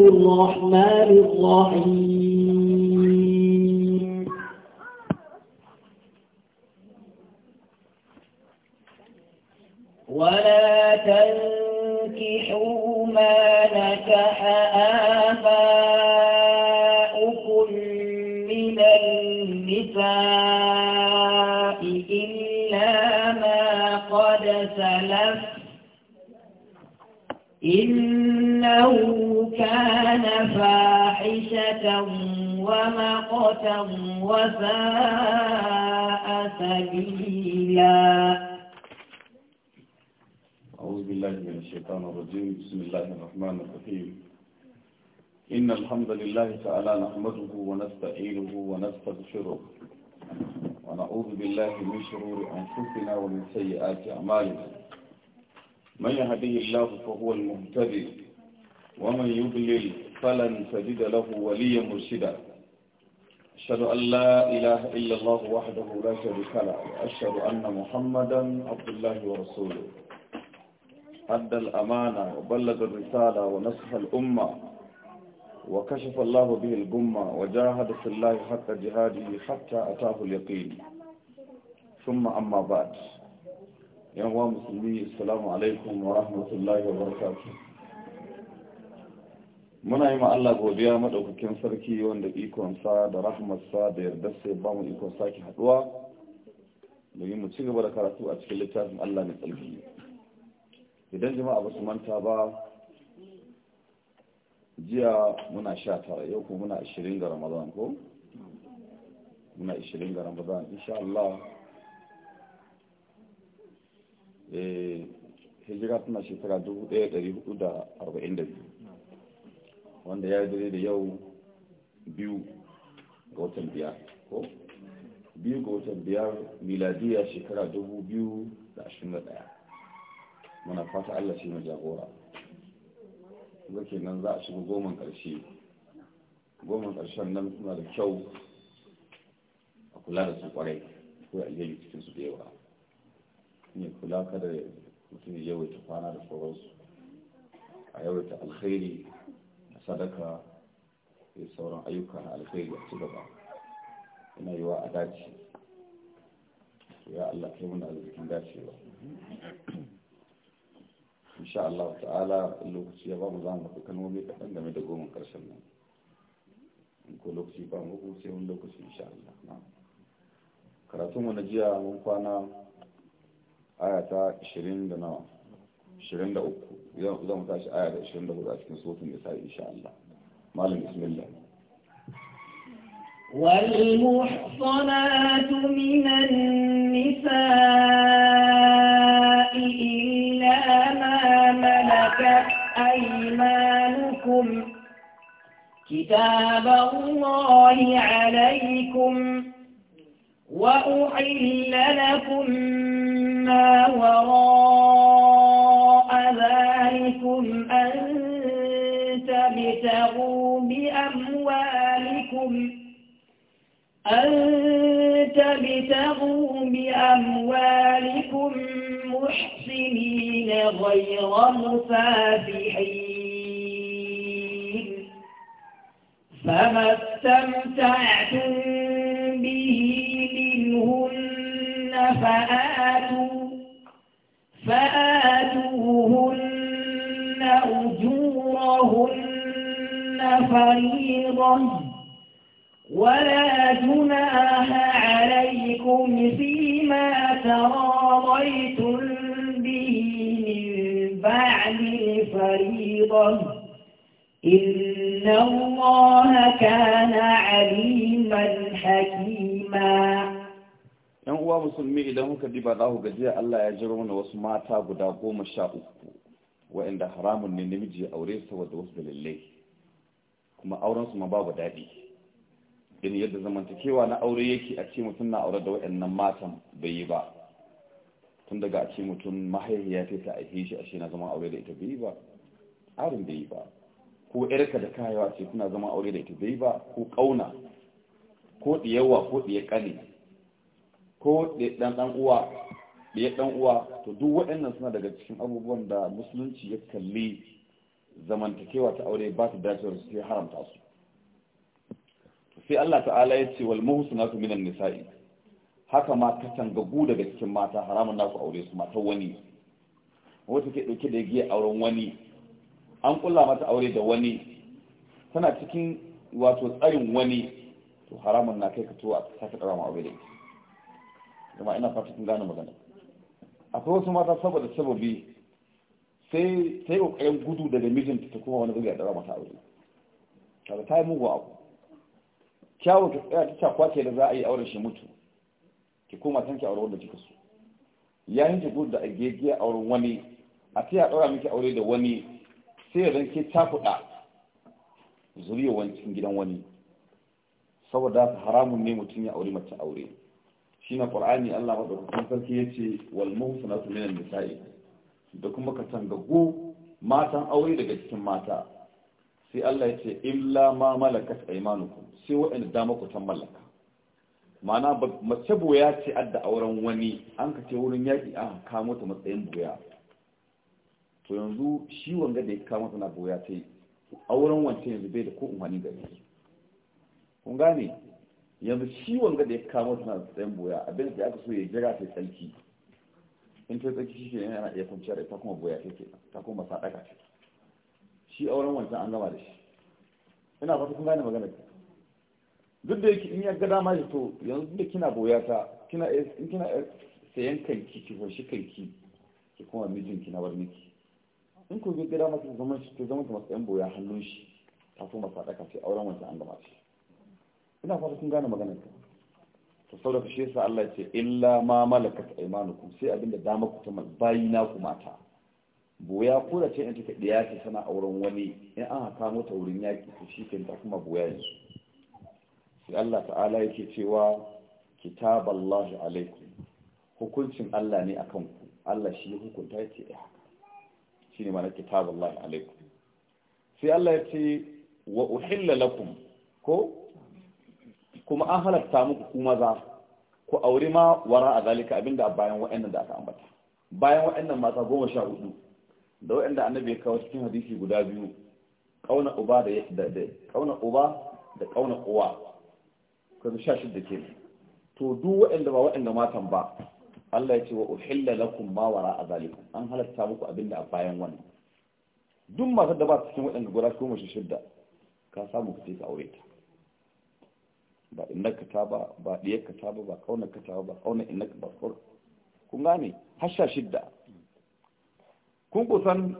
الرحمن الرحيم ولا تنكحوا ما نكح آباؤكم من النساء إلا ما قد سلف إنه كان فاحشة ومقتا وفاء سبيلا أعوذ بالله من الشيطان الرجيم بسم الله الرحمن الرحيم إن الحمد لله تعالى نحمده ونستعينه ونستغفره ونعوذ بالله من شرور أنفسنا ومن سيئات أعمالنا من يهديه الله فهو المهتدي ومن يضلل فلن تجد له وليا مرشدا أشهد أن لا إله إلا الله وحده لا شريك له وأشهد أن محمدا عبد الله ورسوله أدى الأمانة وبلغ الرسالة ونصح الأمة وكشف الله به الجمة وجاهد في الله حتى جهاده حتى أتاه اليقين ثم أما بعد يا مسلمي السلام عليكم ورحمة الله وبركاته muna yi Allah godiya madaukakin sarki wanda ikonsa da rahmarsa da yardarsa ya bamu ikon sake haduwa domin mu ci gaba da karatu a cikin littafin Allah mai tsarki idan jama'a ba su manta ba jiya muna sha tara yau ko muna ashirin ga ramadan ko muna ashirin ga ramadan insha Allah eh, hijira tana shekara 1442 wanda ya dare da yau biyu ga watan biyar ko biyu ga watan biyar miladiya shekara 2021 muna fata Allah shi majagora jagora zake nan za a shiga goma ƙarshe Goma ƙarshen nan suna da kyau a kula da su kwarai ko alheri cikin su da ne kula kada mutum ya yawaita kwana da sauransu a yawaita alkhairi sadaka da sauran ayyuka na alkhairi a ci gaba yana yi wa a dace ya Allah kai muna arzikin dacewa insha Allah ta'ala lokaci ya ba mu zamu da kalmomi kaɗan game da goma ƙarshen nan in ko lokaci ba mu ko sai wani lokaci insha Allah karatun mu na jiya mun kwana aya ta 20 da nawa 23 اليوم زم تاش آية 20 لغة أشكن صوت النساء إن شاء الله معلم بسم الله والمحصنات من النساء إلا ما ملكت أيمانكم كتاب الله عليكم وأحل لكم ما وراء ذلكم أن تبتغوا بأموالكم أن تبتغوا بأموالكم محسنين غير مسافحين فما استمتعتم به منهن فآتوا فآتوهن أجورهن فريضة ولا جناح عليكم فيما تراضيتم به من بعد الفريضة إن الله كان عليما حكيما uwa musulmi idan muka diba za ku gajiya Allah ya jira mana wasu mata guda goma sha uku wa'inda haramun ne namiji ya aure su saboda wasu dalilai kuma auren su ma babu daɗi in yadda zamantakewa na aure yake a ce mutum na aure da wa'annan matan bai yi ba tun daga a ce mutum mahaifiya ta ta aihe shi ashe na zama aure da ita bai yi ba tsarin bai yi ba ko yarka da kayawa ce suna zama aure da ita bai yi ba ko kauna ko diyawa ko diyakane ko ɗan ɗan uwa ɗaya ɗan uwa to duk waɗannan suna daga cikin abubuwan da musulunci ya kalli zamantakewa ta aure ba ta dace su sai haramta su sai Allah ta'ala ya ce wal muhsinatu minan nisa'i haka ma katangagu daga cikin mata haramun naku aure su matan wani wata ke dauke da giya auren wani an ƙulla mata aure da wani tana cikin wato tsarin wani to haramun na kai ka to a karama aure da ita kuma ina fata kun gane magana akwai wasu mata saboda sababi sai sai kokarin gudu daga mijinta ta kuma wani a dara mata aure kaga ta yi mugu abu kyawun ta tsaya ta ta ke da za a yi auren shi mutu ki koma san ki aure wanda kika so yi ki gudu da agegiya auren wani a sai a daura miki aure da wani sai ya ta kuɗa. zuriya wani cikin gidan wani saboda haramun ne mutum ya aure mace aure shi na ƙwar'ani Allah maɗaukakin sarki ya ce wal muhsanatu minan nisa'i da kuma ka tangagu matan aure daga cikin mata sai Allah ya ce illa ma malakat aymanukum sai waɗanda dama ku tan mallaka mana mace boya ce adda auren wani an ka ce wurin yaƙi a kamo ta matsayin boya to yanzu shi wanga da ya kama na boya ta yi auren wancan yanzu bai da ko wani gari, kun gane yanzu shi wanga da ya kama tana tsayin boya abin da aka so ya jira sai tsarki in ta tsarki shi ne yana iya kwanciyar ita kuma boya take ta kuma sadaka ce shi auren wancan an gama da shi ina fata kun gane magana duk da yake in ya ga dama to yanzu da kina boya ta kina in kina sayan kanki ki hoshi kanki ki kuma mijinki na bar miki in ku ga dama ki zama ki zama ta masu yan boya hannun shi ta kuma sadaka ce auren wancan an gama shi ina fata kun gane maganar ka to saboda shi yasa Allah ce illa ma malakat ku sai abinda dama ku ta bayi na ku mata boya ko da ce in take ɗaya ce sana auren wani in an haka mota wurin yaki to shi ta kuma boya yanzu sai Allah ta'ala yake cewa kitaballahi alaikum hukuncin Allah ne akan ku Allah shi ya hukunta ya ce ya eh haka shi ne mana kitaballahi alaikum sai Allah ya ce wa uhilla lakum ko kuma an halatta muku ku maza ku aure ma wara a zalika abinda a bayan waɗannan da aka ambata bayan waɗannan mata goma sha hudu da wa'anda annabi ya kawo cikin hadisi guda biyu kauna uba da kauna uba da kauna uwa kaza sha shidda ke to duk waɗanda ba waɗanda matan ba Allah ya ce wa uhilla lakum ma wara a zalika an halatta muku abinda a bayan wannan duk matar da ba cikin waɗanda guda goma sha shidda ka samu ku ce ka aure ta ba innaka ta ba ba diyarka ta ba ba kaunarka ta ba ba kaunar innaka ba kaur kun gane hasha sha shidda kun kusan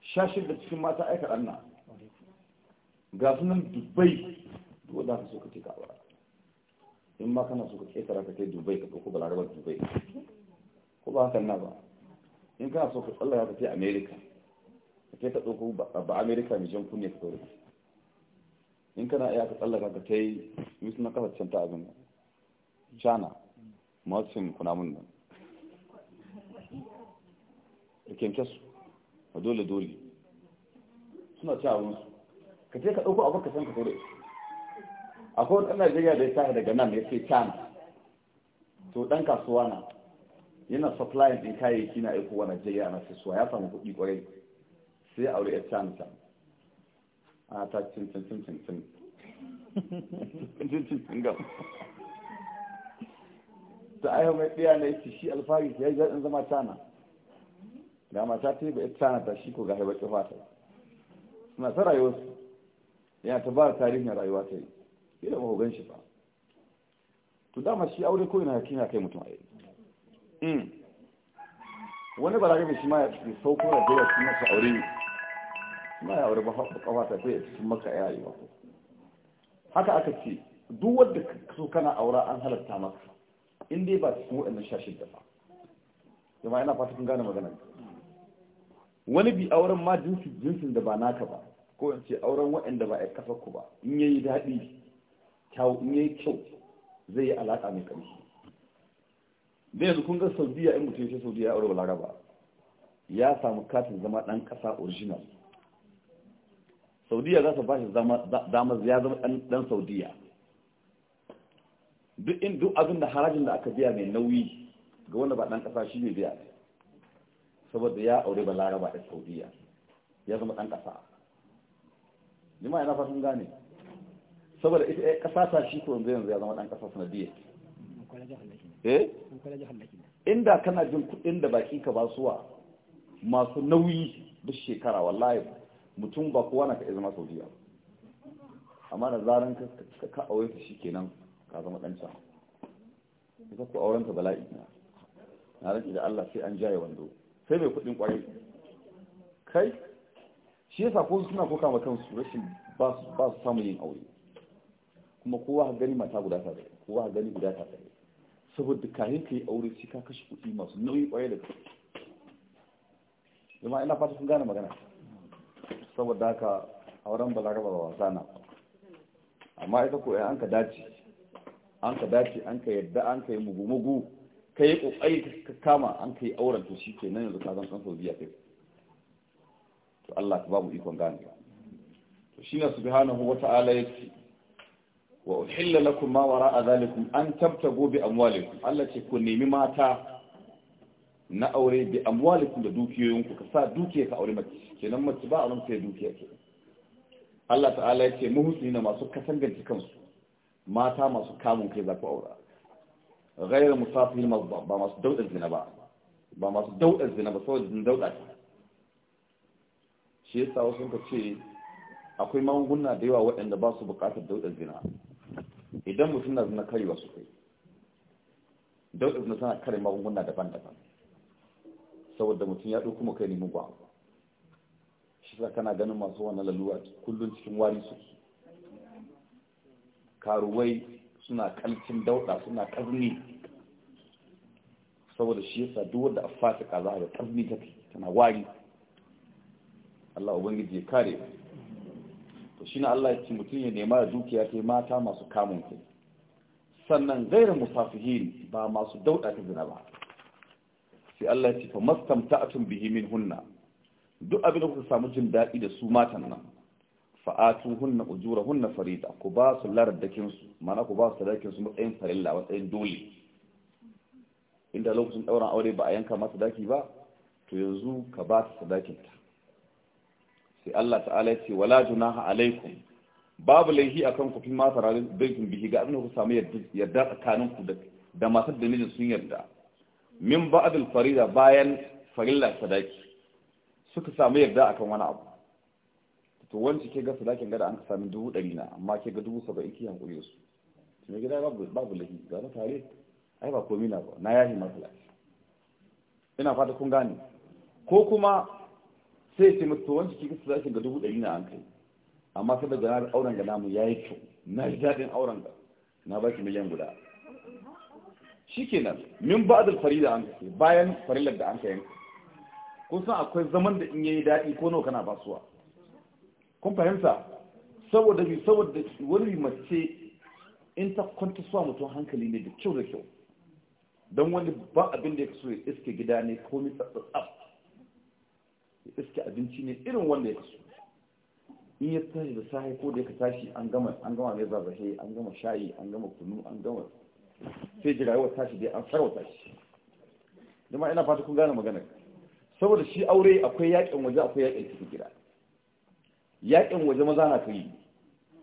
sha shidda cikin mata aika na. ga sunan dubai duk da ka so ka ce ka aura in ma kana so ka ƙetara ka kai dubai ka ɗauko balarabar dubai ko ba hakan na ba in kana so ka tsallaya ka kai america ka kai ta ɗauko ba america mai jan kunya ka ɗauko in kana iya ka tsallaka ka ta yi yi na kasa can abin nan china mawacin kunamun nan da kyanke su a dole dole suna ci abin su ka ce ka ɗauko abin ka san ka kore akwai wani ɗan najeriya da ya tashi daga nan ya ce china to ɗan kasuwa na yana supply din kayayyaki na wa najeriya na sai suwa ya samu kuɗi ƙwarai sai aure ya china china a ta cin cin cin cin cin ta ayo mai ɗaya na ita shi alfahari ya yi zaɗin zama tana da mata ta yi ba ita tana ta shi ko ga haibar ƙafa ta suna ta rayuwarsu yana ta ba tarihin rayuwa ta yi ila ba gan shi ba to dama shi aure ko yana kina kai mutum a yi wani ba da shi ma ya sauko da dole su masa aure ma ya aure ba kafa ta sai cikin maka yayi ba haka aka ce duk wanda so kana aura an halatta maka in dai ba cikin waɗannan sha shidda ba kuma yana fata kun gane magana wani bi auren ma jinsi jinsin da ba naka ba ko in ce auren waɗanda ba a kafa ku ba in yayi daɗi kyau in yayi kyau zai yi alaka mai ƙarfi da yanzu kun ga saudiya in mutum ya saudiya ya aure ba laraba ya samu katin zama ɗan ƙasa original saudiya za su bashi damar ya zama dan saudiya duk in duk abin da harajin da aka biya mai nauyi ga wanda ba dan kasa shi ne biya saboda ya aure ba laraba da saudiya ya zama dan kasa jima yana fatan gane saboda ita ya kasa ta shi ko yanzu ya zama dan kasa sanadiyya eh inda kana jin kudin da baki ka basuwa masu nauyi duk shekara wallahi mutum ba kowa na ka iya zama saudiya amma da zaran ka ka ta shi kenan ka zama ɗanca ita ku auren ta bala'i na na rage da Allah sai an jaye wando sai mai kuɗin kwari kai shi yasa ko suna koka ma su rashin ba su samun yin aure kuma kowa gani mata guda ta tsaye kowa gani guda ta tsaye saboda kayan ka yi aure sai ka kashe kuɗi masu nauyi ƙwarai da kai. Jama'a ina fata sun gane magana. saboda haka auren balaraba ba wasana. amma ita ko an ka dace an ka dace an ka yadda an ka yi mugu-mugu ka yi ƙoƙari ka kama an ka yi auren to shi ke nan yanzu ka zan san sau biya kai to Allah ka babu ikon gane to shi na subhanahu wa ta'ala ce wa uhilla lakum ma wara'a zalikum an tabtagu bi amwalikum Allah ce ku nemi mata na aure bi amwalikum da dukiyoyinku ka sa dukiya ka aure mace kenan mace ba aure sai dukiya ke Allah ta'ala yake muhsinina masu kasangance kansu mata masu kamun kai za ku aura ghayra musafihin ba masu daudar zina ba ba masu daudar zina ba saboda zina dauda ce shi yasa wasu ka ce akwai magunguna da yawa waɗanda ba su buƙatar daudar zina idan mutum na zina karewa su kai daudar zina tana kare magunguna daban-daban saboda mutum ya ɗauko kai ne ba abu shi sa kana ganin masu wannan lalura kullum cikin wari su karuwai suna kalcin dauɗa suna karni saboda shi yasa duk wanda a ka za a ga karni take tana wari Allah ubangiji ya kare to shine Allah ya ce mutum ya nema da dukiya ta mata masu kamun kai sannan gairar musafihin ba masu dauɗa ta zina ba sai Allah ya ce fa bihi hunna duk abin da kuka samu jin daɗi da su matan nan fa'atu hunna ujura hunna farida ku ba su lardakin su mana ku ba su sadakin su matsayin farilla matsayin dole inda lokacin ɗauran aure ba a yanka masa daki ba to yanzu ka ba ta sadakin ta sai Allah ta'ala ya ce wala junaha alaikum babu laifi akan ku fi masa rarrakin bihi ga abin da ku samu yarda tsakaninku da matar da mijin sun yarda min ba'dul farida bayan farilla sadaki suka samu yarda akan wani abu to wanci ke ga sadakin gada an ka sami dubu ɗari na amma ke ga dubu saba'in ki hankuri da su ne gida babu lahi ga na tare ai ba komi na ba na yahi masu ina fata kun gane ko kuma sai ce mutu wanci ke ga sadakin ga dubu ɗari na an kai amma sai daga na auren ga namu ya yi kyau na ji daɗin auren ga na baki miliyan guda shikenan min da farida an kace bayan farilar da an ka yanka kun san akwai zaman da in yayi dadi ko nawa kana basuwa kun fahimta saboda bi saboda wani mace in ta kwanta suwa mutum hankali ne da kyau da kyau don wani ba abin da ya kasu ya iske gida ne ko mi tsatsatsaf iske abinci ne irin wanda ya kasu. in ya tashi da sahi ko da ya ka tashi an gama an gama ne an gama shayi an gama kunu an gama sai ji rayuwar tashi dai an sarauta shi dama ina fata kun gane maganar saboda shi aure akwai yakin waje akwai yakin cikin gida yakin waje maza na kai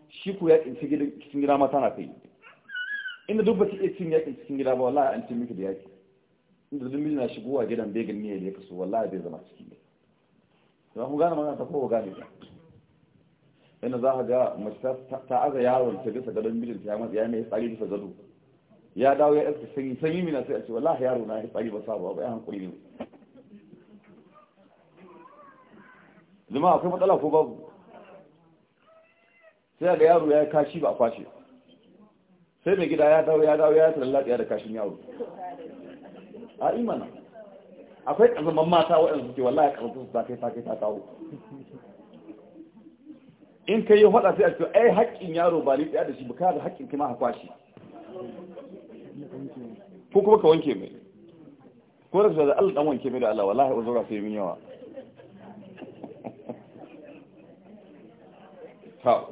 shi ko yakin cikin gida mata na kai inda duk ba su iya cin yakin cikin gida ba wallahi an ce miki da yaki inda duk miji na shigowa gidan bai gani ne ya kasu, wallahi bai zama ciki ne to kun gane magana ta kowa gane ta ina za ka ga mace ta aza yaron ta bisa gadon mijinta ya mai tsari bisa gado ya dawo ya ɗarki sanyi sanyi mina sai a ce wallahi yaro na ya tsari ba sabo ba ya hankali ne zama akwai matsala ko babu sai ga yaro ya kashi ba a kwashe sai mai gida ya dawo ya dawo ya tsallaɗiya da kashin yaro a imana akwai ƙazaman mata waɗanda suke wallahi ƙazantun su ta kai ta kai ta kawo in ka yi faɗa sai a ce ai haƙƙin yaro ba ni ɗaya da shi ba ka da haƙƙin kima a kwashe ko kuma ka wanke mai ko da su da Allah dan wanke mai da Allah wallahi zura sai min yawa ta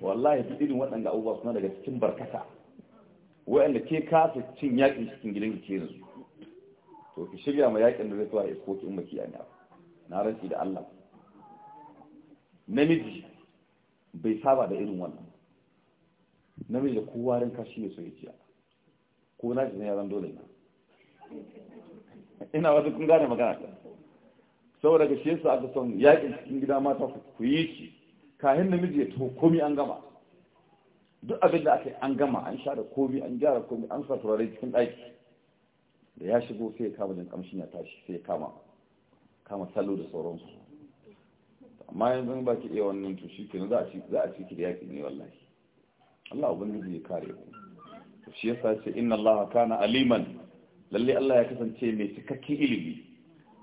wallahi irin waɗanda abubuwa suna daga cikin barkata wa'anda ke kasa cin yakin cikin gidan ki ke yanzu to ki shirya ma yakin da zai zuwa iskokin maki a na rantsi da Allah namiji bai saba da irin wannan namiji da kowa ran kashi ne so ya ko na shi ne ya zan dole na ina wasu kun gane magana ta saboda ga shi yasa aka son yaƙin cikin gida mata ku yi shi kahin namiji ya taho komi an gama duk abin da aka yi an gama an sha da komi an gyara komi an sa turare cikin ɗaki da ya shigo sai ya kama jin kamshin ya tashi sai ya kama kama salo da sauransu amma yanzu ba ki iya wannan to shi ke za a ci ki da yaƙi ne wallahi Allah ubangiji ya kare ku shi yasa ce inna Allah kana aliman lalle Allah ya kasance mai cikakken ilimi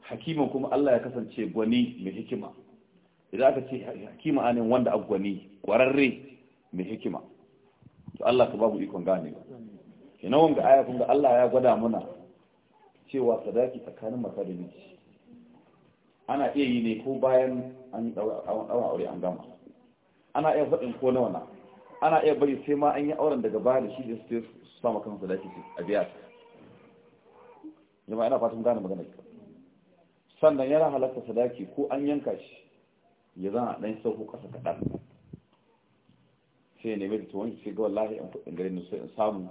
Hakima kuma Allah ya kasance gwani mai hikima idan aka ce hakima anin wanda a gwani kwararre mai hikima to Allah ka babu ikon gane ba kenan wanga aya kun ga Allah ya gwada muna cewa sadaki tsakanin mata da miji ana iya yi ne ko bayan an daura aure an gama ana iya faɗin ko nawa na ana iya bari sai ma an yi auren daga bayan da shi da su sa maka kansa da a biya ta jama'a yana fatan gane magana sannan yana halatta sadaki ko an yanka shi ya zana ɗan sauko ƙasa kaɗan sai ya nemi da tuwon shi ga wallahi yan kuɗin garin nusa in samu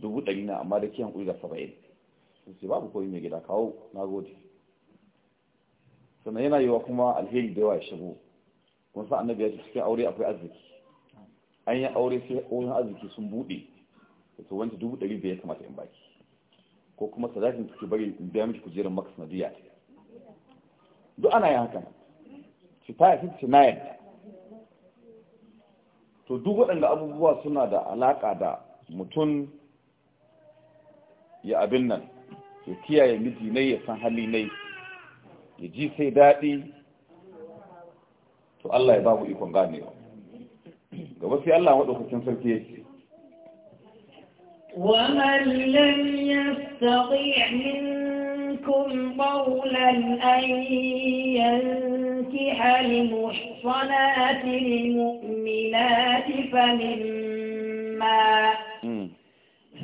dubu ɗari na amma da kiyan ƙuri da saba'in sai babu koyi mai gida kawo na gode sannan yana yiwa kuma alheri da yawa ya shigo kun sa'an na ya cikin aure akwai arziki an yi aure sai ƙoyin arziki sun buɗe to wanda dubu ɗari da kamata in baki ko kuma sadakin suke bari in biya miki kujerar maka sanadiyya ta duk ana yin haka su ta yi ci na yadda to duk waɗanda abubuwa suna da alaƙa da mutum ya abin nan ya kiyaye miji nai ya san hali nai ya ji sai daɗi to Allah ya ba mu ikon ganewa gaba sai Allah maɗaukacin sarki yake ومن لم يستطيع منكم قولا أن ينكح المحصنات المؤمنات فمما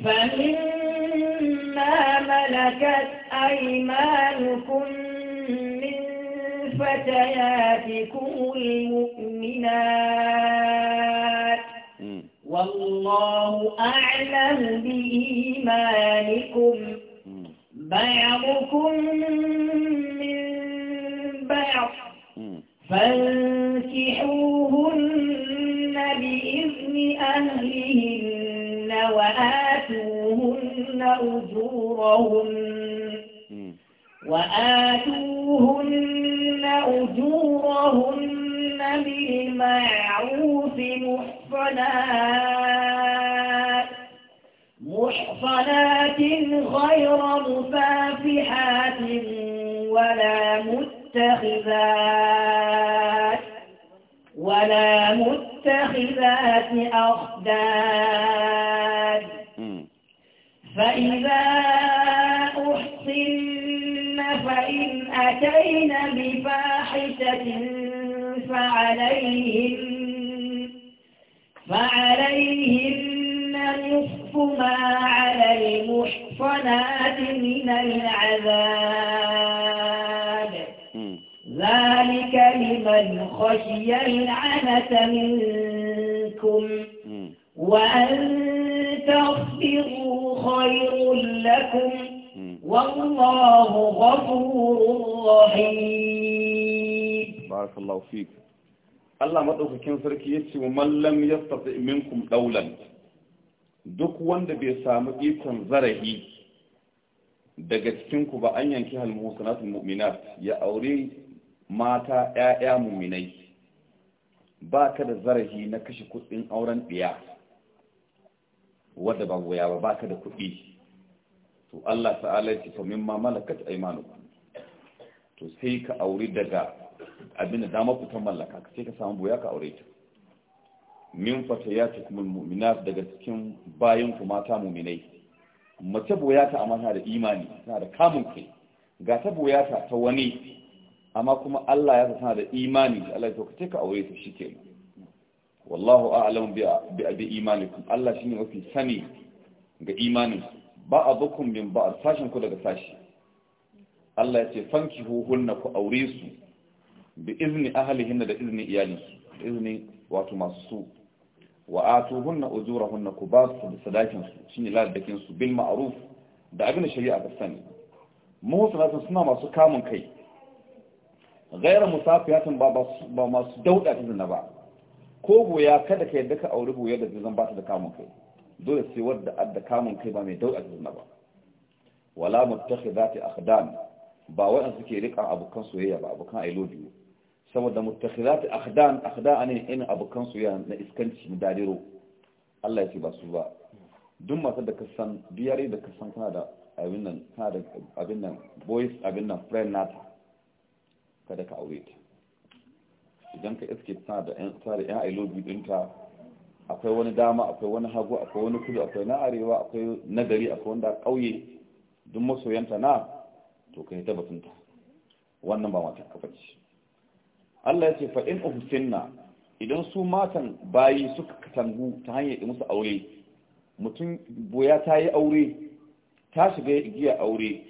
فمما ملكت أيمانكم من فتياتكم المؤمنات والله أعلم بإيمانكم بعضكم من بعض فانكحوهن بإذن أهلهن وآتوهن أجورهن وآتوهن أجورهن بالمعروف محسن محصنات محصنات غير مفافحات ولا متخذات ولا متخذات أخداد فإذا أحصن فإن أتينا بفاحشة فعليهن فعليهن نصف ما على المحصنات من العذاب ذلك لمن خشي العنة منكم وأن تغفروا خير لكم والله غفور رحيم بارك الله فيك Allah maɗaukakin sarki ya ce mallam ya tafi minkum daulan duk wanda bai samu ikon zarahi daga cikinku ba an yanki halmusanatun mu'minat ya aure mata ‘ya'ya mu'minai ba ka da zarahi na kashe kuɗin auren ɗiya wadda ba goya ba ba ka da kuɗi to Allah ta'ala ya ce fa mimma malakat aymanukum to sai ka auri daga abin da dama ku mallaka ka ce ka samu boya ka aure ta min kuma mu'minat daga cikin bayan ku mata mu'minai mace boya ta amana da imani tana da kamun kai ga ta boya ta ta wani amma kuma Allah ya tana da imani Allah ya ce ka aure ta shike wallahu a'lamu bi abi imanikum Allah shine mafi sani ga imanin ba abukum min ba sashin ku daga sashi Allah ya ce fankihu hunna ku aure su bi izni hinna da izini iyalinsu da izini wato masu su wa atuhunna ujurahunna ku ba su da sadakin shine ladakin su bil ma'ruf da abin da shari'a ta sani muhsanatun suna masu kamun kai ghayra musafiyatun ba ba masu dauda ta na ba ko goya kada ka yadda ka auri goya da zan ba da kamun kai dole sai wadda adda kamun kai ba mai dauda a na ba wala muttakhidati akhdan ba wa'an suke rika abukan soyayya ba abukan ailo biyu saboda mutakhirat akhdan akhda ne in abukan su ya na iskanci mudadiro Allah ya ce ba su ba duk masu da ka san biyar da ka san kana da abin nan kana da abin nan boys abin nan friend nata kada ka aure ta idan ka iske ta da yan tsari yan ailobi dinka akwai wani dama akwai wani hagu akwai wani kudu akwai na arewa akwai nagari akwai wanda kauye duk masoyanta na to kai ta wannan ba mata kafaci Allah ya ce fa in uhsinna idan su matan bayi suka katangu ta hanyar yi musu aure mutum boya ta yi aure ta shiga giya aure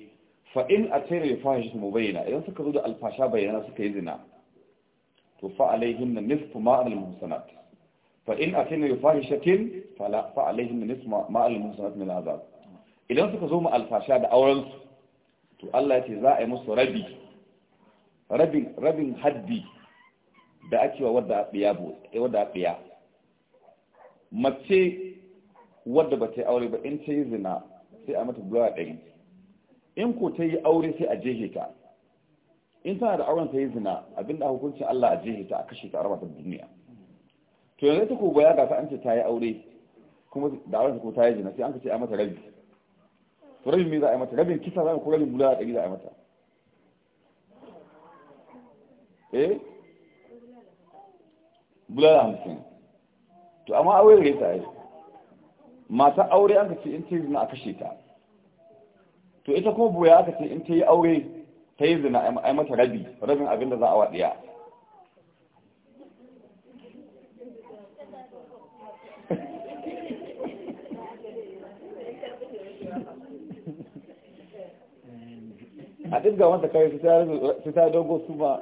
fa in atayna li fahishatin mubayyana idan suka zo da alfasha bayyana suka yi zina to fa alaihinna nisfu ma al muhsanat a in atayna li shatin, fala fa alaihinna nisfu ma al muhsanat min azab idan suka zo ma alfasha da aurensu, to Allah ya ce za a yi musu rabi rabin haddi da ake wa wadda abiya bu eh, wadda abiya mace wadda ba ta yi aure ba in ta yi zina sai a mata bulawa ɗari in ko ta yi aure sai a jehe ta in tana da auren ta yi zina abinda hukuncin Allah a jehe ta a kashe ta a rabata duniya to yanzu ta ko baya ga ta an ce ta yi aure kuma da auren ta ko ta yi zina sai an ce a mata rabi to rabin me za a yi mata rabin kisa za a ko rabin bulawa ɗari za a yi mata eh bulala hamsin to amma aure gare ta yi mata aure an ka ce in ta yi zina a kashe ta to ita kuma buya aka ce in ta yi aure ta yi zina a yi mata rabi rabin abin da za a waɗiya a ga mata kawai su ta dogo su ba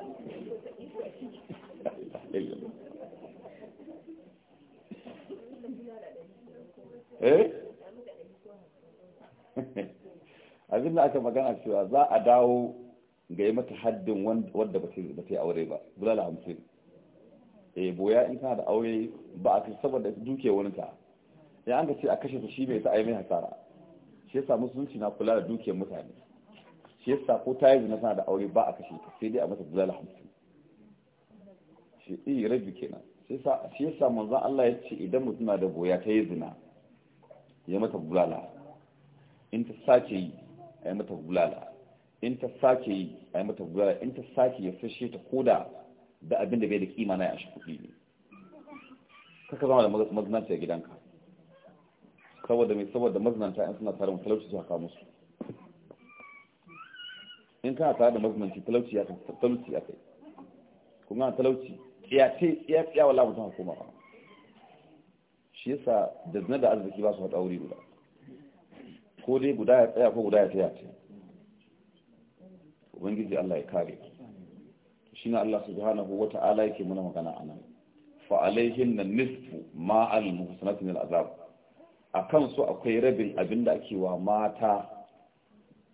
eh abin da aka magana cewa za a dawo ga yi mata haddin wadda ba ta yi aure ba bulala hamsin eh boya in kana da aure ba a kai saboda duke wani ta ya an ce a kashe ta shi bai ta yi mai hasara shi yasa musulunci na kula da duke mutane shi yasa ko ta yi zina tana da aure ba a kashe ta sai dai a mata bulala hamsin shi iya eh, rabi kenan shi yasa manzan Allah ya ce idan mutum na da boya ta yi zina ya mata bulala in ta sake yi a yi mata bulala in ta sake yi a yi mata bulala in ta sake ya fashe ta koda da abin da bai da kima na shi kuɗi ne kaka zama da mazinanta gidanka saboda mai saboda mazinanta yan suna tare talauci su haka musu in kana tare da mazinanci talauci ya kai kuma talauci ya ce tsiya tsiya wala mutum hukuma ba shi yasa da zina da arziki ba su haɗa wuri guda ko dai guda ya tsaya ko guda ya tsaya ce ubangiji Allah ya kare shi na Allah ko wata ala yake muna magana a nan fa'alaihin na nisfu ma al al'azab a azab akan su akwai rabin abinda ake wa mata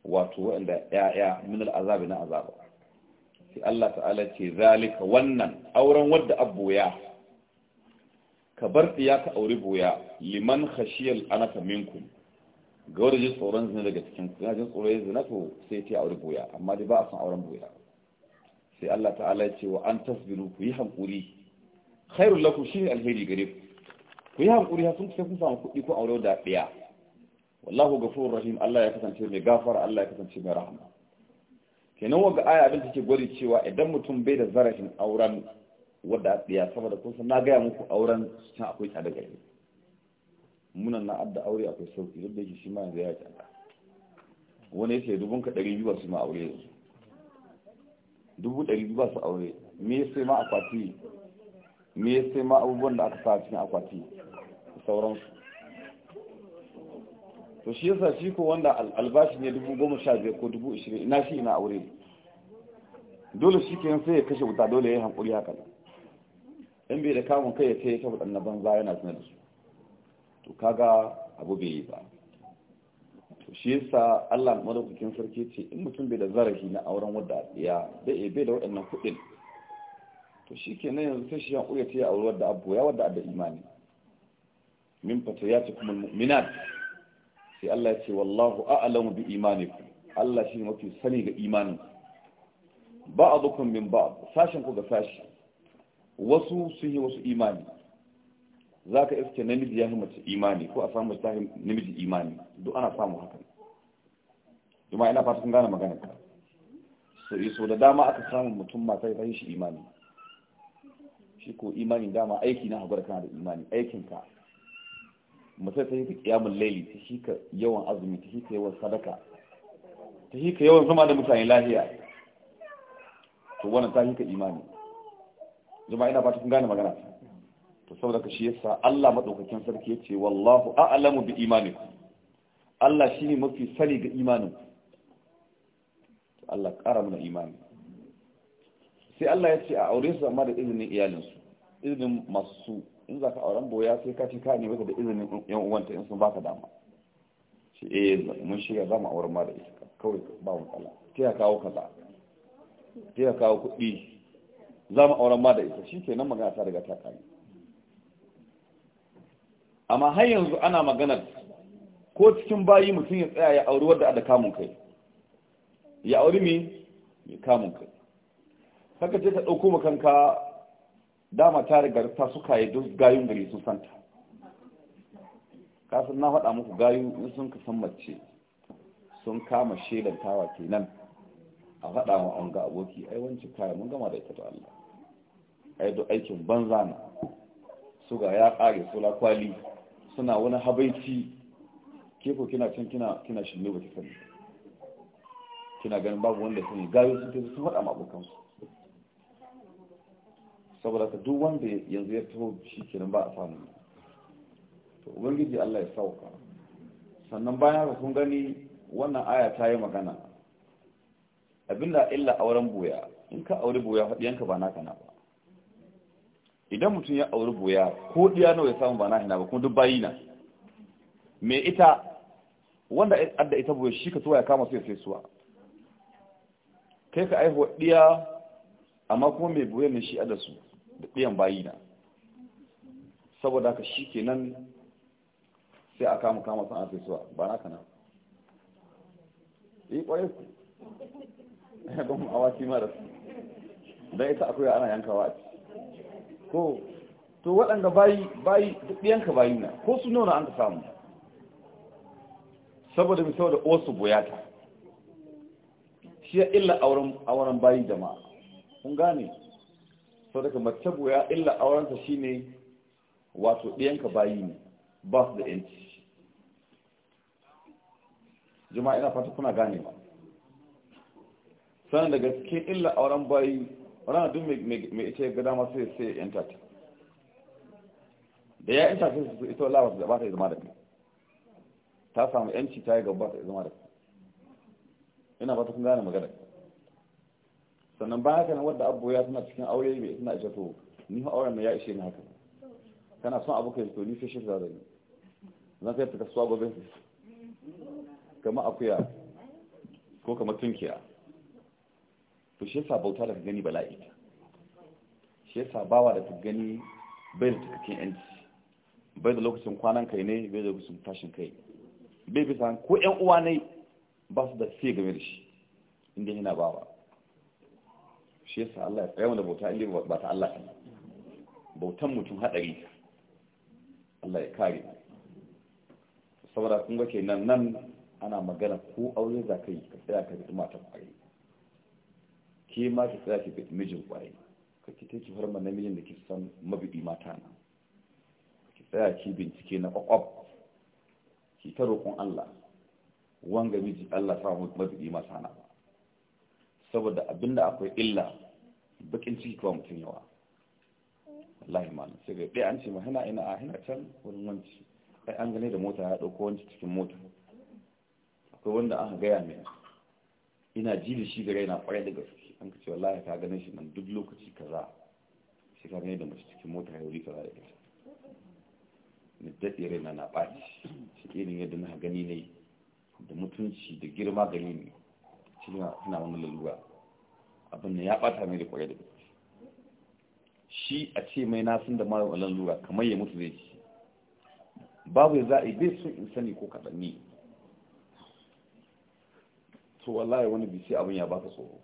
wato waɗanda ya'ya min al'azab na azaba sai Allah ta'ala ce zalika wannan auren wadda aboya. ka bar ya ka auri boya liman khashiyal anaka minkum ga wanda tsoron zina daga cikin ku yana jin tsoron zina to sai ta auri boya amma dai ba a san auren boya sai Allah ta'ala ya ce wa an tasbiru ku yi hankuri khairul lakum shi alheri gare ku ku yi hankuri ha sun sai samu kuɗi ko aure da ɗaya wallahu ghafurur rahim Allah ya kasance mai gafara Allah ya kasance mai rahama kenan wa ga aya abin take gwada cewa idan mutum bai da zarafin auren wadda a tsaya sama da kunsa na gaya muku auren can akwai tsada gari munan na adda aure akwai sauki duk da yake shi ma yanzu ya tsada wani ya ce dubun ka ɗari biyu su ma aure yanzu dubu ɗari biyu su aure me ya sai ma akwati me ya sai ma abubuwan da aka sa cikin akwati da sauransu to shi yasa shi ko wanda albashi ne dubu goma sha biyar ko dubu ishirin ina shi ina aure dole shi ke sai ya kashe wuta dole ya yi hankuri haka in bai da kamun kai ya ce ya saboda na banza yana suna da su to kaga abu bai yi ba to shi yasa Allah madaukakin sarki ce in mutum bai da zarafi na auren wadda ya bai bai da waɗannan kuɗin to shi ke nan yanzu sai shi ya ƙuya ta yi auri wadda abu ya wadda da imani min fata ya ce kuma mu'minat sai Allah ya ce wallahu a'lamu bi imanikum Allah shi mafi sani ga imanin ba'dukum min ba'd sashen ku ga sashin wasu sun yi wasu imani za ka iske namiji ya mace imani ko a samu ta namiji imani duk ana samu hakan kuma ina fata sun gane magana ka so da dama aka samu mutum mata ya shi imani shi ko imani dama aiki na da kana da imani aikin ka mutum ta yi ka kiyamun laili ta shi ka yawan azumi ta shi ka yawan sadaka ta shi ka yawan zama da mutane lahiya to wannan ta shi ka imani jama'a ina fata kun gane magana to saboda ka shi yasa Allah madaukakin sarki yace wallahu a'lamu bi imanikum Allah shine mafi sani ga imanin Allah ƙara mana imani sai Allah ya ce a aure su amma da izinin iyalinsu izinin masu in za ka auren boya sai ka ci ka ne maka da izinin yan uwanta in sun baka dama shi eh mun shiga za mu aure ma da ita kawai ba mu kala ta ya kawo kaza ta ya kawo kuɗi za mu auren ma da ita shi nan magana ta riga ta kare amma har yanzu ana maganar ko cikin bayi mutum ya tsaya ya auri wadda ada kamun kai ya auri mi mai kamun kai haka ce ta ɗauko makanka dama ta riga ta suka yi duk gayun gari sun santa kasan na faɗa muku gayu in sun ka san mace sun kama tawa kenan a faɗa wa an ga aboki ai wance kaya mun gama da ita da Allah aido aikin banza ne su ga ya kare sola kwali, suna wani habaici ke ko kina can kina kina shirme ba ki sani kina ganin babu wanda sani gayo su ta sun faɗa ma abokan su saboda ka duk wanda yanzu ya taho shi kenan ba a samu to ubangiji Allah ya sauka sannan bayan haka kun gani wannan aya ta yi magana abinda illa auren boya in ka aure boya faɗiyanka ba naka na ba idan mutum ya auri boya ko ɗiya nawa ya samu ba na hina ba kuma duk bayi na me ita wanda adda ita boya shi ka tuwa ya kama su ya sai suwa kai ka aihu ɗiya amma kuma mai boya ne shi adda su da ɗiyan bayi na saboda haka shi ke nan sai a kama kama sun an sai suwa ba na kana yi eh, ƙwarai ku ya gwamma awaki mara su. don ita akwai ana yankawa a ciki ko to waɗanda bayi bayi ɗiyanka bayi na ko su nuna an ka samu saboda mai saboda osu buyata shi ya illa auren bayi jama'a kun gane sau daga mace buya illa aurenta shi ne wato ɗiyanka bayi ne ba su da yanci jama'a ina fata kuna gane ba sannan daga cikin illa auren bayi wadanda duk mai ita ya gada masu sai ya yanta ta da ya yanta ta su ita wala ba ta ba zama da kai ta samu yanci ta yi gaba ta zama da kai ina ba ta kun gane magana sannan ba haka wadda abu ya tana cikin aure mai tana ishe to ni ha auren ya ishe ni haka kana son abu kai to ni sai shi da zan sai ta kasuwa gobe Kama akuya ko kamar tunkiya to shi yasa bauta da gani bala'i ta shi yasa bawa da gani bai da cikakken yanci bai da lokacin kwanan kai ne bai da lokacin tashin kai bai bisa ko yan uwa ne ba su da sai game da shi inda yana bawa shi yasa Allah ya tsaya mana bauta inda ba ta Allah ne bautan mutum hadari Allah ya kare saboda kun ga kenan nan ana magana ko aure zakai ka tsaya ka ji mata kwaye ke ma ki tsaya ki bi mijin kwarai ka ki take ma namijin da ki san mabiɗi mata na ki tsaya ki bincike na kwakwab ki ta roƙon Allah wanga miji Allah ta mu mabiɗi mata na saboda abinda akwai illa bakin ciki kawai mutum yawa wallahi ma sai ga ɗaya an ce ma hina ina a hina can wurin wanci ai an gane da mota ya ɗauko wanci cikin mota akwai wanda aka gaya mai ina ji da shi ga raina kwarai da gaske an ka ce wallahi ka ganin shi nan duk lokaci kaza shi ka gani da mace cikin mota ya wuri kaza da ita ni daɗe raina na ɓaci shi irin yadda na gani ne da mutunci da girma gani ne shi na wani lalura abin da ya ɓata mai da kwarai da gaske shi a ce mai nasun da mara wannan lura kamar ya mutu zai ci babu ya za a yi bai sun in sani ko kaɗan ni to wallahi wani bisi abin ya baka tsoro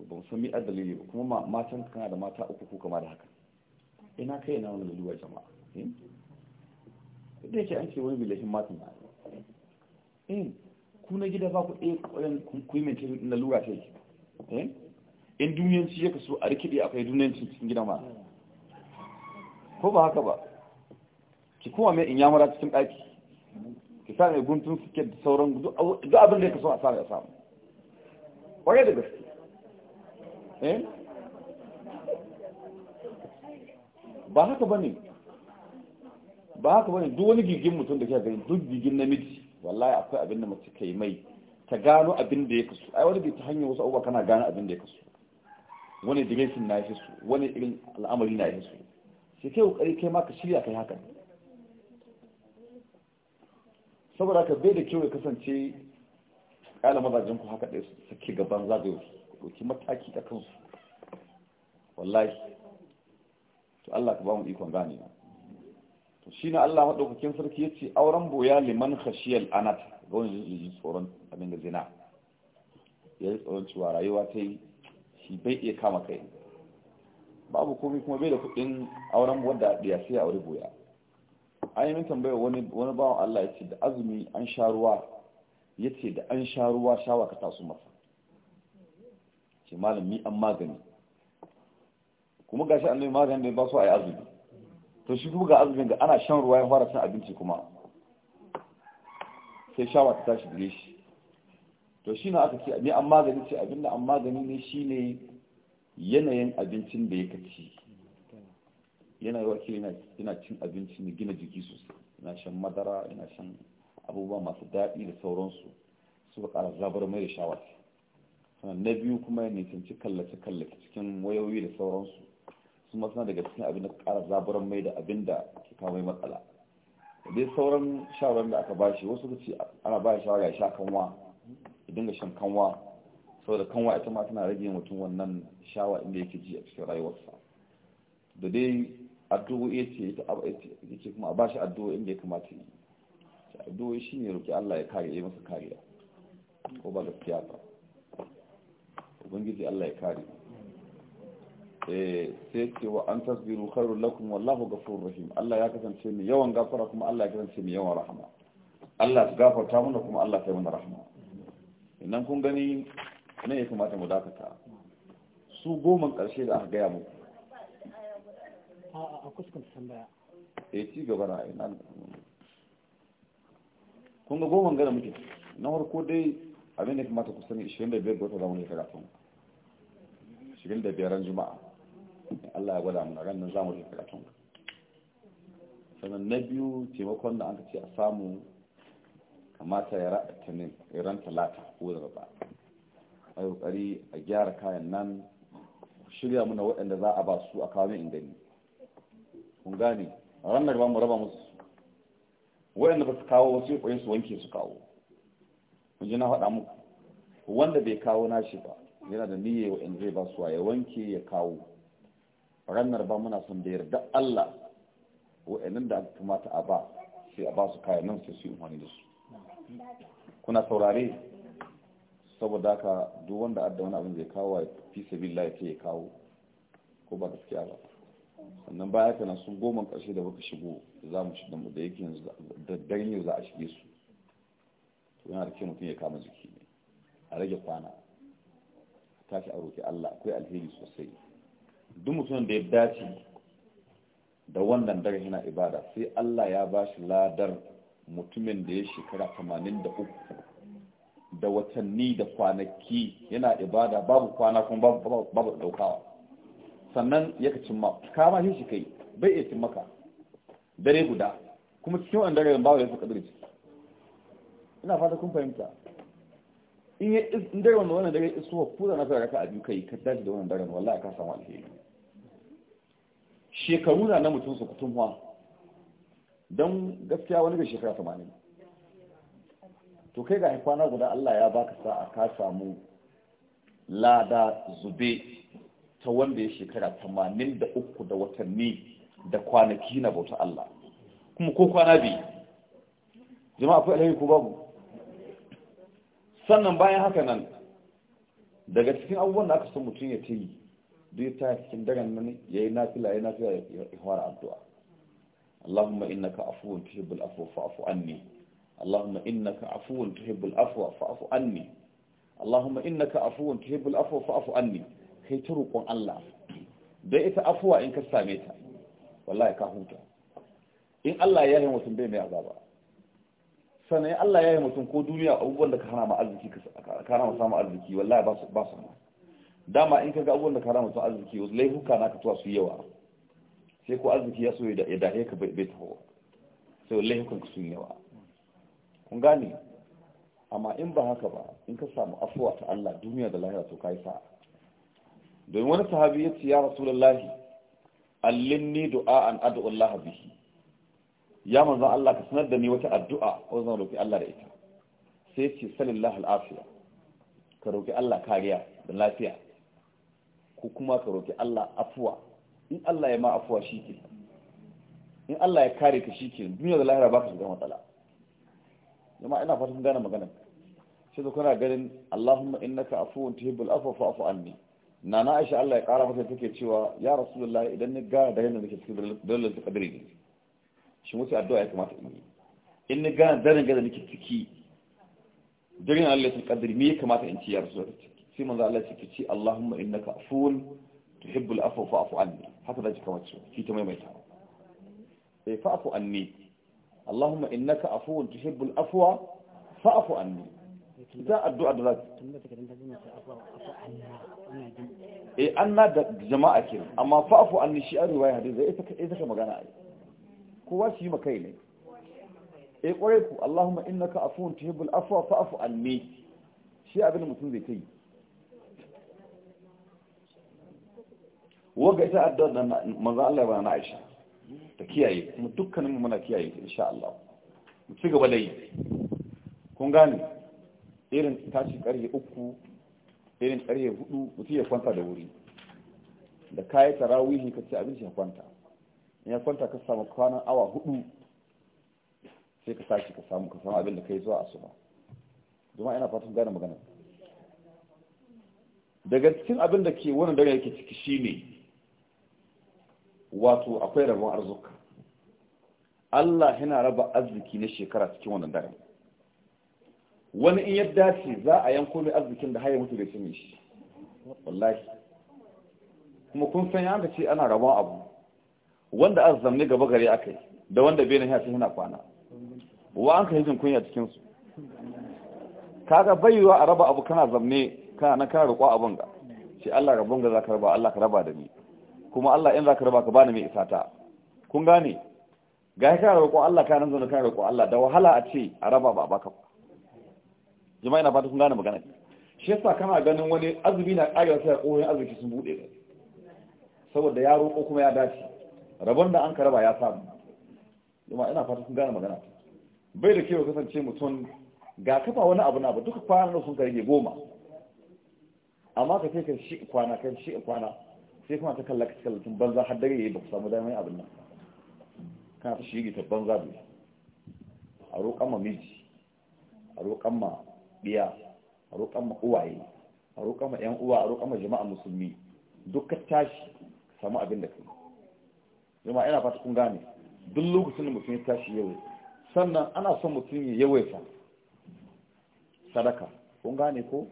to ban san mi a dalili ba kuma matan kana da mata uku ko kama da haka ina kai na wani laluwa jama'a eh? da yake an ce wani bilashin matan na in eh, ku na gida ba ku ɗaya ƙwayan kuimin na lura ta yi eh? in duniyanci ya kaso a rikide akwai duniyanci cikin gida ma ko ba haka ba ki kuma mai in yamara cikin ɗaki ki sa mai guntun suke da sauran duk abin da ya kaso a sa ya samu ƙwarai da gaske Eh? ba haka ba ne ba haka ba ne duk wani gigin mutum da ke gani duk gigin namiji wallahi akwai abin da mace kai mai ta gano abin da ya kasu ai wani ta hanyar wasu abubuwa kana gano abin da ya kasu wani diresin na ya su wani irin al'amari na ya su sai kai kokari kai ma ka shirya kai haka saboda ka bai da kyau ya kasance kala mazajen ku haka ɗaya su sake gaban zagayosu ɗauki mataki a kansu wallahi to Allah ka ba mu ikon gane to shi Allah madaukakin sarki ya ce auren boya liman khashiyal anat ga wani jiji tsoron abin da zina ya yi tsoron cewa rayuwa ta yi shi bai iya kama kai babu komai kuma bai da kuɗin auren wadda ya sai a wuri boya an yi min tambaya wani bawan Allah ya ce da azumi an sha ruwa ya da an sha ruwa shawa ka taso masa ce malam mi an magani kuma gashi annabi magani da ba su a yi azumi to shi kuma ga azumin ga ana shan ruwa ya fara cin abinci kuma sai shawa ta tashi gare shi to shi na aka ce mi an magani ce abinda an magani ne shi ne yanayin abincin da yake ci yana yawa ke yana cin abinci mai gina jiki sosai yana shan madara yana shan abubuwa masu daɗi da sauransu su ka ƙara zabar mai da shawar sannan na biyu kuma ya nisanci kallace-kallace cikin wayoyi da sauransu su masana daga cikin abin da kara zaburan mai da abin da ke kamai matsala dai sauran shawarar da aka bashi wasu ka ce ana ba shawara ya sha kanwa ya dinga shan kanwa saboda kanwa ita ma tana rage mutum wannan shawa inda yake ji a cikin rayuwarsa da dai addu'o'i ce ita ce kuma a bashi addu'o'i inda ya kamata yi shi ne roƙi Allah ya kare ya masa kariya ko ba gaskiya ba ubangiji Allah ya kare eh, sai ce wa an tasbiru khairul lakum wallahu ghafurur rahim Allah ya kasance mai yawan gafara kuma Allah ya kasance mai yawan rahama Allah ya gafarta muna kuma Allah ya mana rahama idan kun gani ne ya kamata mu dakata su goma karshe da aka gaya mu a kuskun tambaya eh ci gaba na ina kun ga goma gana muke na farko dai abin da kamata ku sani 25 ga wata zamu ne karatu da ran juma'a Allah ya gwada mana ranar zamu da karatun sannan na biyu taimakon da aka ce a samu kamata ya ta ne ran talata ko da ba a kokari a gyara kayan nan shirya muna waɗanda za a ba su a kawo inda ni kun gane ranar ba mu raba musu waɗanda ba su kawo wasu yi su wanke su kawo Mun ji na faɗa muku wanda bai kawo nashi ba yana da niyya wa in zai ba su ya wanke ya kawo ranar ba muna son da yarda Allah inin da aka kamata a ba sai a ba su kayan nan sai su yi umarni da su kuna saurare saboda haka duk wanda adda wani abin zai kawo ya fi sabilla ya ce ya kawo ko ba gaskiya ba sannan baya kana sun goma ƙarshe da baka shigo za mu shiga da yake da yau za a shige su to yana da kyau mutum ya kama jiki a rage kwana tashi a roƙi Allah akwai alheri sosai duk mutum da ya dace da wannan dare yana ibada sai Allah ya ba shi ladar mutumin da ya shekara 83 da watanni da kwanaki yana ibada babu kwana kuma babu ɗaukawa sannan ya ka cimma kama shi shi kai bai iya maka dare guda kuma cikin wanda dare ba ya suka kadirci ina fata kun fahimta in ya in daren da wannan su isuwa ko na raka raka'a biyu kai ka dace da wannan daren wallahi ka samu alheri shekaru na na mutum su kutumwa don gaskiya wani ga shekara 80 to kai ga kwana guda Allah ya baka sa a ka samu lada zube ta wanda ya shekara 83 da watanni da kwanaki na bauta Allah kuma ko kwana biyu jama'a akwai alheri ko babu sannan bayan haka nan daga cikin abubuwan da aka san mutum ya ta yi duk ta cikin daren nan ya yi nafila ya yi nafila ya fara addu'a Allahumma innaka afuwun tuhibbul afwa an ne Allahumma innaka afuwun tuhibbul afwa an ne Allahumma innaka afuwun tuhibbul afwa an ne kai ta roƙon Allah dai ita afuwa in ka same ta wallahi ka huta in Allah ya yi mutum bai mai azaba sannan Allah ya yi mutum ko duniya abubuwan da ka hana ma arziki ka hana samun arziki wallahi ba su hana dama in ka ga abubuwan da ka hana mutum arziki wasu laifuka na ka tuwa su yawa sai ko arziki ya so ya dahe ka bai taho sai wani laifukan ka sun yawa kun gane amma in ba haka ba in ka samu afuwa ta Allah duniya da lahira to kai sa domin wani sahabi ya ce ya rasulullahi allimni du'a an ad'u Allah bihi ya manzo Allah ka sanar da ni wata addu'a ko zan roki Allah da ita sai ce sallallahu al'afiya ka roki Allah kariya da lafiya ko kuma ka roki Allah afuwa in Allah ya ma afuwa shike in Allah ya kare ka shike duniya da lahira baka shiga matsala jama'a ina fatan gane magana sai zo kana ganin Allahumma innaka afuwun tuhibbul afwa fa'fu anni nana Aisha Allah ya kara mata take cewa ya Rasulullah idan ni gara da yanda nake cikin dalilin takdiri shi wasu addu'a ya kamata in yi in ni gane daren gaza nake ciki daren Allah sun kadiri me ya kamata in ci ya rasu da ciki sai manzo Allah ce ci Allahumma innaka afuwun tuhibbul afwa fa'fu anni haka da kika wace ki ta maimaita sai eh, fa'fu anni Allahumma innaka afuwa tuhibbul afwa fa'fu anni a addu'a da zaka eh na da jama'a kenan amma fa'fu anni shi a riwaya hadisi isa ka magana ai kowa shi makai ne eh kwarai ku Allahumma innaka afuwun tuhibbul afwa afu anni shi abin mutum zai kai ga ita addu'ar da manzo Allah ya na Aisha ta kiyaye kuma dukkanin mu muna kiyaye insha Allah mu ci gaba da yi kun gane irin tashi karye uku irin karye hudu mutum ya kwanta da wuri da kayi tarawihi ka ci abinci ya kwanta ya kwanta ka samu kwanan awa hudu sai ka sake ka samu ka samu abin da ka yi zuwa asuba Zuma ina fatan gane magana daga cikin abin da ke wani dare yake ciki shi ne, wato akwai rabon arzuka Allah yana raba arziki na shekara cikin wani dare wani in ya dace za a yanko mai arzikin da haya mutu da cin shi wallahi kuma kun san yanka ce ana rabon abu wanda an zamne gaba gare aka yi da wanda bai na ya fi kwana wa an ka hijin kunya cikinsu kaga baiwa a raba abu kana zamne kana na kana roƙo abun ga shi Allah rabon ga zaka raba Allah ka raba da ni kuma Allah in zaka raba ka bani mai isata kun gane ga ka roƙo Allah kana zo kana roƙo Allah da wahala a ce a raba ba baka jama'a ina fata kun gane magana shi yasa kana ganin wani azumi na ƙarewa sai ƙoyon azubi sun bude saboda ya roƙo kuma ya dace rabon da an ka raba ya samu kuma ina fata sun gane magana bai da kewa kasance mutum ga kafa wani abu na ba duka kwanan sun ka rage goma amma ka sai ka shi kwana kan shi kwana sai kuma ta kallaka kallacin banza har dare ba ku samu damar abin nan kana ta shiri ta banza bai a roƙan ma miji a roƙan ma biya a roƙan ma uwaye a roƙan ma ƴan uwa a roƙan ma jama'a musulmi duk ka tashi samu abin da kai jama'a ina fata kun gane duk lokacin da mutum ya tashi yawai sannan ana son mutum ya yawaita sadaka kun gane ko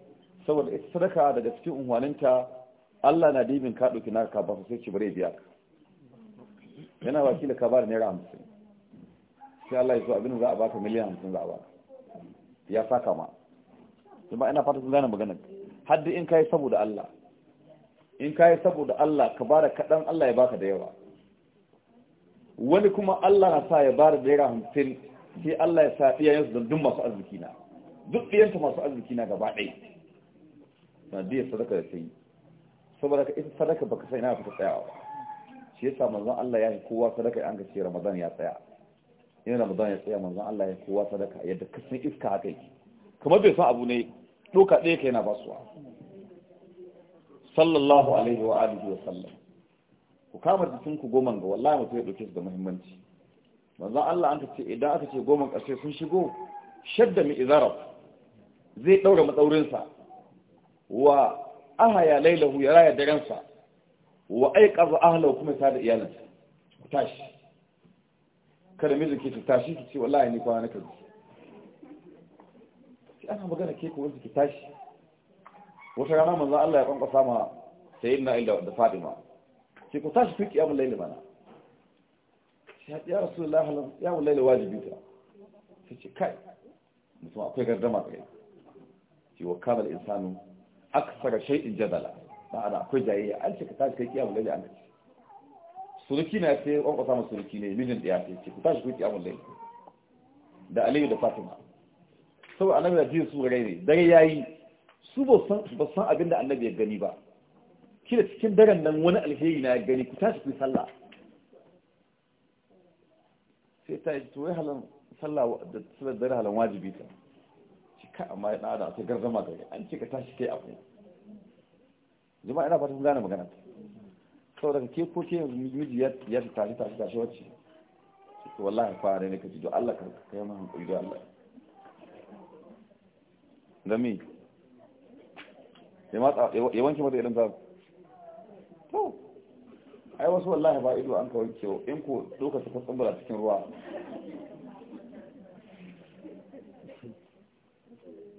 saboda ita sadaka daga cikin unhwaninta Allah na dibin ka ɗauki naka ka ba su sai ci bare biya ka yana baki da ka ba da naira hamsin sai Allah ya zo abin za a baka miliyan hamsin za a baka ya saka ma yamma ina fata sun gane maganar haddi in kai saboda Allah in kai saboda Allah ka ba da kaɗan Allah ya baka da yawa wani kuma Allah na sa ya ba da naira hamsin sai Allah ya sa iyayensu don duk masu arziki na duk ɗiyanta masu arziki na gaba ɗaya na diyar sadaka da sai saboda ka ita sadaka baka sai na fita tsayawa ba shi yasa manzon Allah ya yi kowa sadaka an ga ce Ramadan ya tsaya in Ramadan ya tsaya manzon Allah ya yi kowa sadaka yadda ka san iska haka yake kamar bai san abu ne doka ɗaya kai na basuwa sallallahu alaihi wa alihi wa sallam ku kama jikin ku goma ga wallahi mutum ya dauke su da muhimmanci manzon Allah an ce idan aka ce goma ƙarshe sun shigo shadda mi izarab zai daura matsaurin sa wa ahaya lailahu ya raya daren sa wa aiqaza ahlahu kuma sa da iyalan ku tashi kada mi zuke ta tashi ki ce wallahi ni kwana Ka sai ana magana ke ku wanda ki tashi wata rana manzon Allah ya kwankwasa ma sayyidina Illa da Fatima sai ku tashi tuki yawon laili mana ya rasu da lahalin yamun laili wajibi ta sai ce kai mutum akwai gardama tsaye ce wa kamar insanu aka saka in jadala ba ana akwai jayayya ya alce ka tashi kai kiyamun laili an kaci suruki na sai kwankwasa masu suruki ne mijin ɗaya sai ce ku tashi tuki yawon laili da aliyu da fatima sau annabi da jiya su rai ne dare ya yi. su ba san abin da annabi ya gani ba shi da cikin daren nan wani alheri na gani ku tashi ku sallah sai ta yi to halin sallah da sallar dare halin wajibi ta shi ka amma ya da ta garzama gari an ce ka tashi kai abu jama'a yana fatan gane magana ta daga ke ko ke yanzu miji ya ta tashi tashi tashi wacce to wallahi fara ne ji do Allah ka kai mu hankali do Allah da me ya wanke mata idan ta to ai wasu wallahi ba ido an kawai kyau in ku lokacin ka a cikin ruwa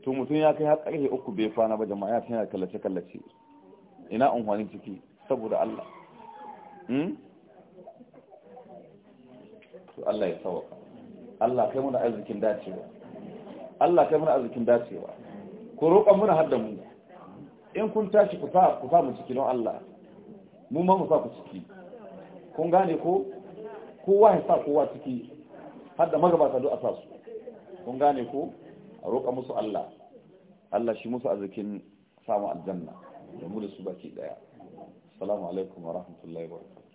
to mutum ya kai har ƙarfe uku bai kwana ba jama'a ya tana kallace-kallace ina unhwanin ciki saboda Allah hmm? to Allah ya sauka Allah kai muna arzikin dacewa Allah kai muna arzikin dacewa ku roƙon muna haddamu in kun tashi ku sa mu cikin Allah mu ma mu sa ku ciki kun gane ko kowa ya sa kowa ciki har da magabata duk a sa su kun gane ko a roƙa musu Allah Allah shi musu arzikin samu aljanna da mu da su baki daya assalamu alaikum wa rahmatullahi wa barakatuh